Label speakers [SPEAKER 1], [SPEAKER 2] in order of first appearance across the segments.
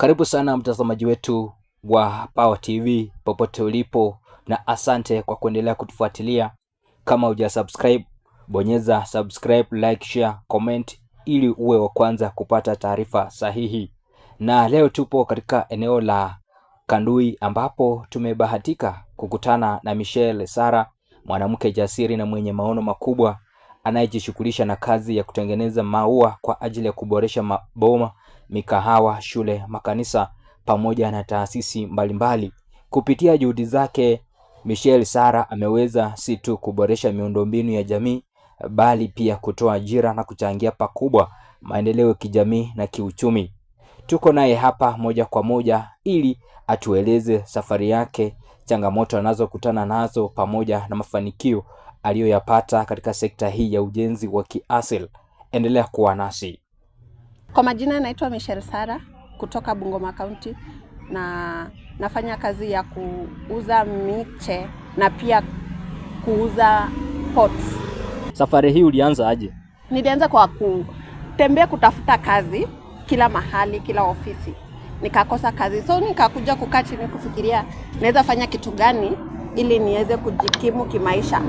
[SPEAKER 1] Karibu sana mtazamaji wetu wa Power TV popote ulipo, na asante kwa kuendelea kutufuatilia. Kama uja subscribe, bonyeza subscribe, like, share, comment ili uwe wa kwanza kupata taarifa sahihi. Na leo tupo katika eneo la Kandui ambapo tumebahatika kukutana na Michelle Sara, mwanamke jasiri na mwenye maono makubwa anayejishughulisha na kazi ya kutengeneza maua kwa ajili ya kuboresha maboma mikahawa, shule, makanisa pamoja na taasisi mbalimbali. Kupitia juhudi zake, Michel Sara ameweza si tu kuboresha miundombinu ya jamii bali pia kutoa ajira na kuchangia pakubwa maendeleo ya kijamii na kiuchumi. Tuko naye hapa moja kwa moja ili atueleze safari yake, changamoto anazokutana nazo pamoja na mafanikio aliyoyapata katika sekta hii ya ujenzi wa kiasili. Endelea kuwa nasi.
[SPEAKER 2] Kwa majina naitwa Michelle Sara kutoka Bungoma County na nafanya kazi ya kuuza miche na pia kuuza pots.
[SPEAKER 1] Safari hii ulianza aje?
[SPEAKER 2] Nilianza kwa kutembea kutafuta kazi kila mahali, kila ofisi, nikakosa kazi, so nikakuja kukaa chini kufikiria naweza fanya kitu gani ili niweze kujikimu kimaisha,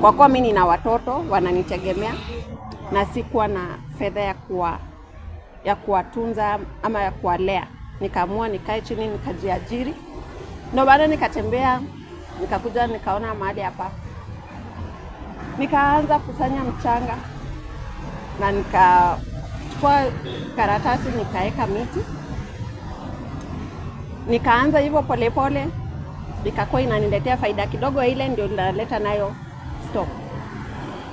[SPEAKER 2] kwa kuwa mimi nina watoto wananitegemea na sikuwa na fedha ya kuwa ya kuwatunza ama ya kuwalea. Nikaamua nikae chini nikajiajiri, ndo baada nikatembea, nikakuja nikaona mahali hapa, nikaanza kusanya mchanga na nikachukua karatasi nikaweka miti, nikaanza hivyo polepole, ikakuwa inaniletea faida kidogo, ile ndio naleta nayo stock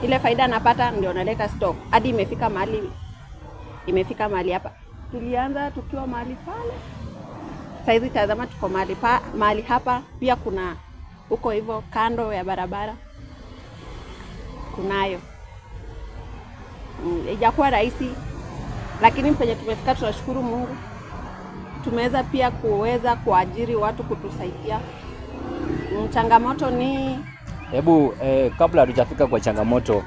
[SPEAKER 2] ile faida napata ndio naleta stock hadi imefika mahali imefika mahali hapa. Tulianza tukiwa mahali pale, saizi tazama, tuko mahali pa mahali hapa. Pia kuna huko hivyo kando ya barabara kunayo, mm, ijakuwa rahisi, lakini penye tumefika tunashukuru Mungu. Tumeweza pia kuweza kuajiri watu kutusaidia. Mm, changamoto ni
[SPEAKER 1] hebu, eh, kabla hatujafika kwa changamoto,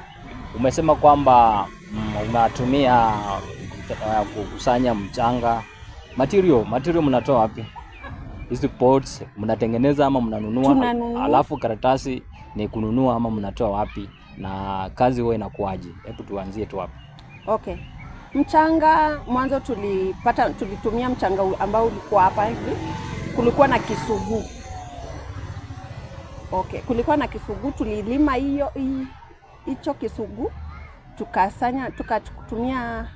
[SPEAKER 1] umesema kwamba mm, unatumia ya kukusanya mchanga material, material mnatoa wapi? Hizi pots mnatengeneza ama mnanunua? Alafu karatasi ni kununua ama mnatoa wapi? Na kazi huwa inakuaje? Hebu tuanzie tu hapo.
[SPEAKER 2] Okay. Mchanga mwanzo tulipata, tulitumia mchanga ambao ulikuwa hapa hivi, kulikuwa na kisugu. Okay, kulikuwa na kisugu, tulilima hiyo hicho kisugu tukasanya, tukatumia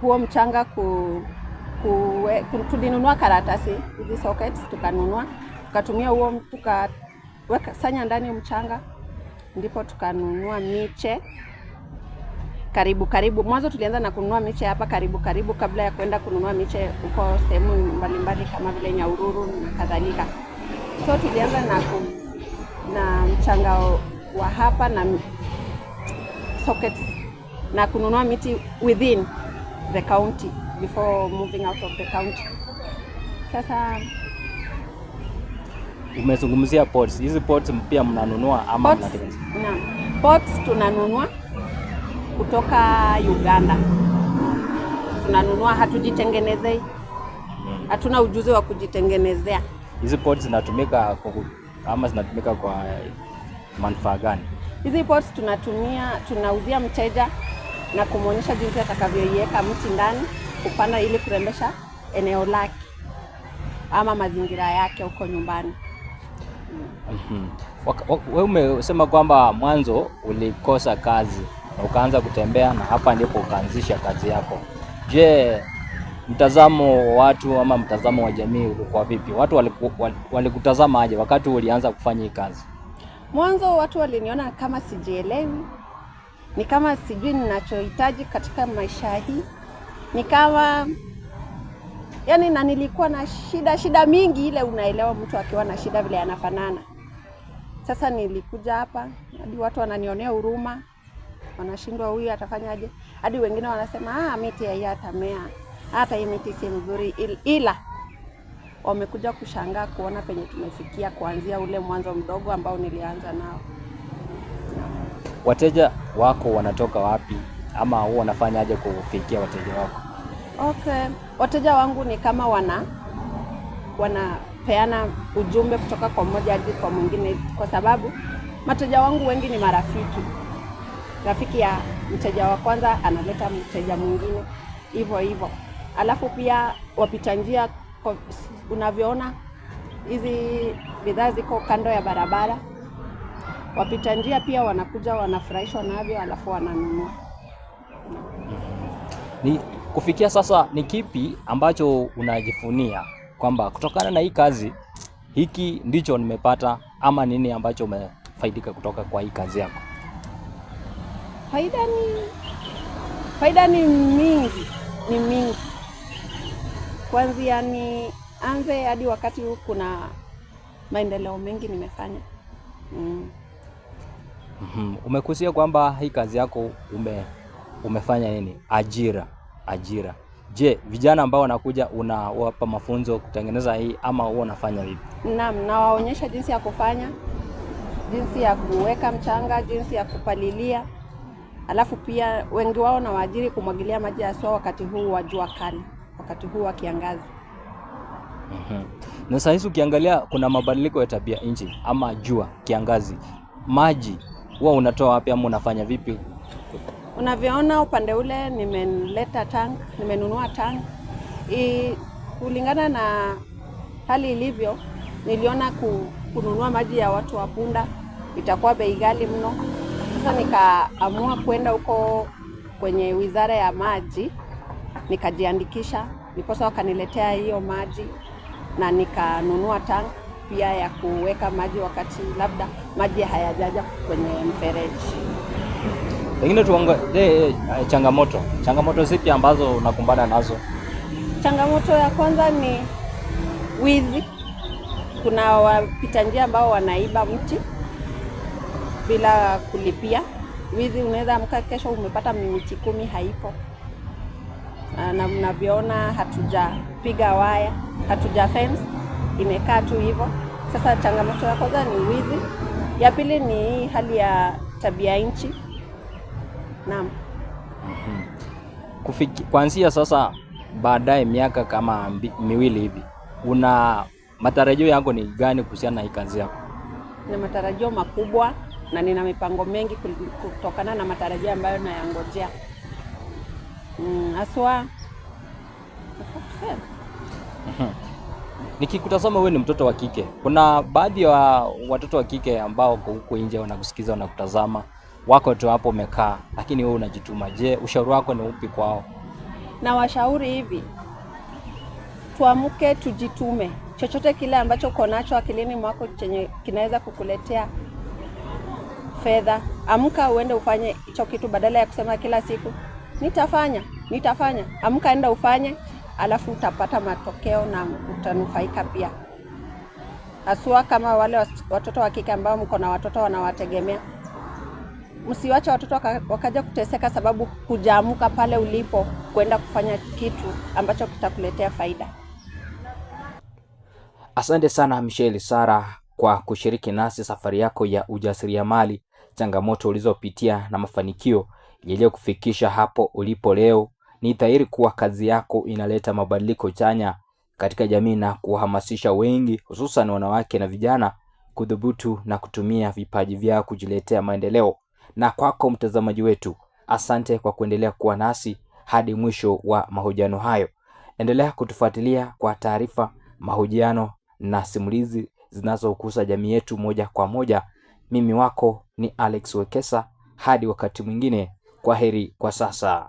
[SPEAKER 2] huo mchanga ku, ku, ku, tulinunua karatasi hizi sockets tukanunua tukatumia huo tukaweka sanya ndani mchanga, ndipo tukanunua miche karibu karibu. Mwanzo tulianza na kununua miche hapa karibu karibu, kabla ya kwenda kununua miche huko sehemu mbalimbali kama vile Nyaururu na kadhalika. So tulianza na ku, na mchanga wa hapa na sockets na kununua miti within the county before moving out of the county. Sasa
[SPEAKER 1] umezungumzia pots. Hizi pots pia mnanunua ama
[SPEAKER 2] mnatengeneza? Naam. Pots tunanunua kutoka Uganda, tunanunua, hatujitengenezei, hmm. hatuna ujuzi wa kujitengenezea.
[SPEAKER 1] Hizi pots zinatumika kwa ama zinatumika kwa manufaa gani?
[SPEAKER 2] Hizi pots tunatumia, tunauzia mteja na kumwonyesha jinsi atakavyoiweka mti ndani kupanda ili kurembesha eneo lake ama mazingira yake huko nyumbani.
[SPEAKER 1] Mm -hmm. umesema kwamba mwanzo ulikosa kazi na ukaanza kutembea na hapa ndipo ukaanzisha kazi yako. Je, mtazamo wa watu ama mtazamo wa jamii ulikuwa vipi? Watu walikutazama wali aje wakati ulianza kufanya hii kazi?
[SPEAKER 2] Mwanzo watu waliniona kama sijielewi ni kama sijui ninachohitaji katika maisha hii, kama yani, na nilikuwa na shida shida mingi ile, unaelewa mtu akiwa na shida vile anafanana. Sasa nilikuja hapa hadi watu wananionea huruma, wanashindwa huyu atafanyaje, hadi wengine wanasema ah, miti hii atamea, hata hii miti si mzuri, ila wamekuja kushangaa kuona penye tumefikia kuanzia ule mwanzo mdogo ambao nilianza nao.
[SPEAKER 1] Wateja wako wanatoka wapi ama huwa wanafanyaje kufikia wateja wako?
[SPEAKER 2] Okay, wateja wangu ni kama wana wanapeana ujumbe kutoka kwa mmoja hadi kwa mwingine, kwa sababu wateja wangu wengi ni marafiki. Rafiki ya mteja wa kwanza analeta mteja mwingine, hivyo hivyo. Alafu pia wapita njia, unavyoona hizi bidhaa ziko kando ya barabara wapita njia pia wanakuja wanafurahishwa navyo, alafu wananunua.
[SPEAKER 1] Ni kufikia sasa, ni kipi ambacho unajifunia kwamba kutokana na hii kazi, hiki ndicho nimepata, ama nini ambacho umefaidika kutoka kwa hii kazi yako?
[SPEAKER 2] Faida ni faida ni mingi, ni mingi kwanzia ni anze hadi wakati huu kuna maendeleo mengi nimefanya. Mm.
[SPEAKER 1] Mhm. Umekusia kwamba hii kazi yako ume, umefanya nini? Ajira, ajira. Je, vijana ambao wanakuja unawapa mafunzo kutengeneza hii ama huwa unafanya vipi?
[SPEAKER 2] Naam, nawaonyesha jinsi ya kufanya, jinsi ya kuweka mchanga, jinsi ya kupalilia, alafu pia wengi wao na waajiri kumwagilia maji sawa wakati huu wa jua kali, wakati huu wa kiangazi.
[SPEAKER 1] Mm-hmm. Na saa hizi ukiangalia kuna mabadiliko ya tabia nchi ama jua, kiangazi, maji huwa unatoa wapi ama unafanya vipi?
[SPEAKER 2] Unavyoona upande ule nimeleta tank, nimenunua tank I, kulingana na hali ilivyo, niliona ku, kununua maji ya watu wa punda itakuwa bei ghali mno. Sasa nikaamua kwenda huko kwenye wizara ya maji nikajiandikisha, niposa wakaniletea hiyo maji na nikanunua tank pia ya kuweka maji wakati labda maji hayajaja kwenye mfereji.
[SPEAKER 1] Pengine tuongelee eh, changamoto, changamoto zipi ambazo unakumbana nazo?
[SPEAKER 2] Changamoto ya kwanza ni wizi. Kuna wapita njia ambao wanaiba mti bila kulipia. Wizi, unaweza amka kesho umepata miti kumi haipo. Na mnavyoona hatujapiga waya, hatuja fence, imekaa tu hivyo. Sasa changamoto ya kwanza ni wizi. Ya pili ni hali ya tabia nchi. Naam. Mhm.
[SPEAKER 1] Kufiki, kuanzia sasa baadaye miaka kama mbi, miwili hivi una matarajio yako ni gani kuhusiana na hii kazi yako?
[SPEAKER 2] Na matarajio makubwa na nina mipango mengi kutokana na matarajio ambayo nayangojea mm, haswa
[SPEAKER 1] mm, Nikikutazama wewe ni mtoto wa kike, kuna baadhi ya wa watoto wa kike ambao wako huko nje wanakusikiza, wanakutazama, wako tu hapo umekaa, lakini wewe unajituma. Je, ushauri wako ni upi kwao?
[SPEAKER 2] Na washauri hivi, tuamke, tujitume. Chochote kile ambacho uko nacho akilini mwako chenye kinaweza kukuletea fedha, amka uende ufanye hicho kitu, badala ya kusema kila siku nitafanya nitafanya. Amka enda ufanye alafu utapata matokeo na utanufaika pia, haswa kama wale watoto wa kike ambao mko na watoto wanawategemea. Msiwache watoto wakaja kuteseka sababu hujaamuka pale ulipo kwenda kufanya kitu ambacho kitakuletea faida.
[SPEAKER 1] Asante sana Michelle Sara kwa kushiriki nasi safari yako ya ujasiriamali, changamoto ulizopitia na mafanikio yaliyokufikisha hapo ulipo leo ni dhahiri kuwa kazi yako inaleta mabadiliko chanya katika jamii na kuhamasisha wengi, hususan wanawake na vijana, kudhubutu na kutumia vipaji vyao kujiletea maendeleo. Na kwako mtazamaji wetu, asante kwa kuendelea kuwa nasi hadi mwisho wa mahojiano hayo. Endelea kutufuatilia kwa taarifa, mahojiano na simulizi zinazokusa jamii yetu moja kwa moja. Mimi wako ni Alex Wekesa. Hadi wakati mwingine, kwa heri kwa sasa.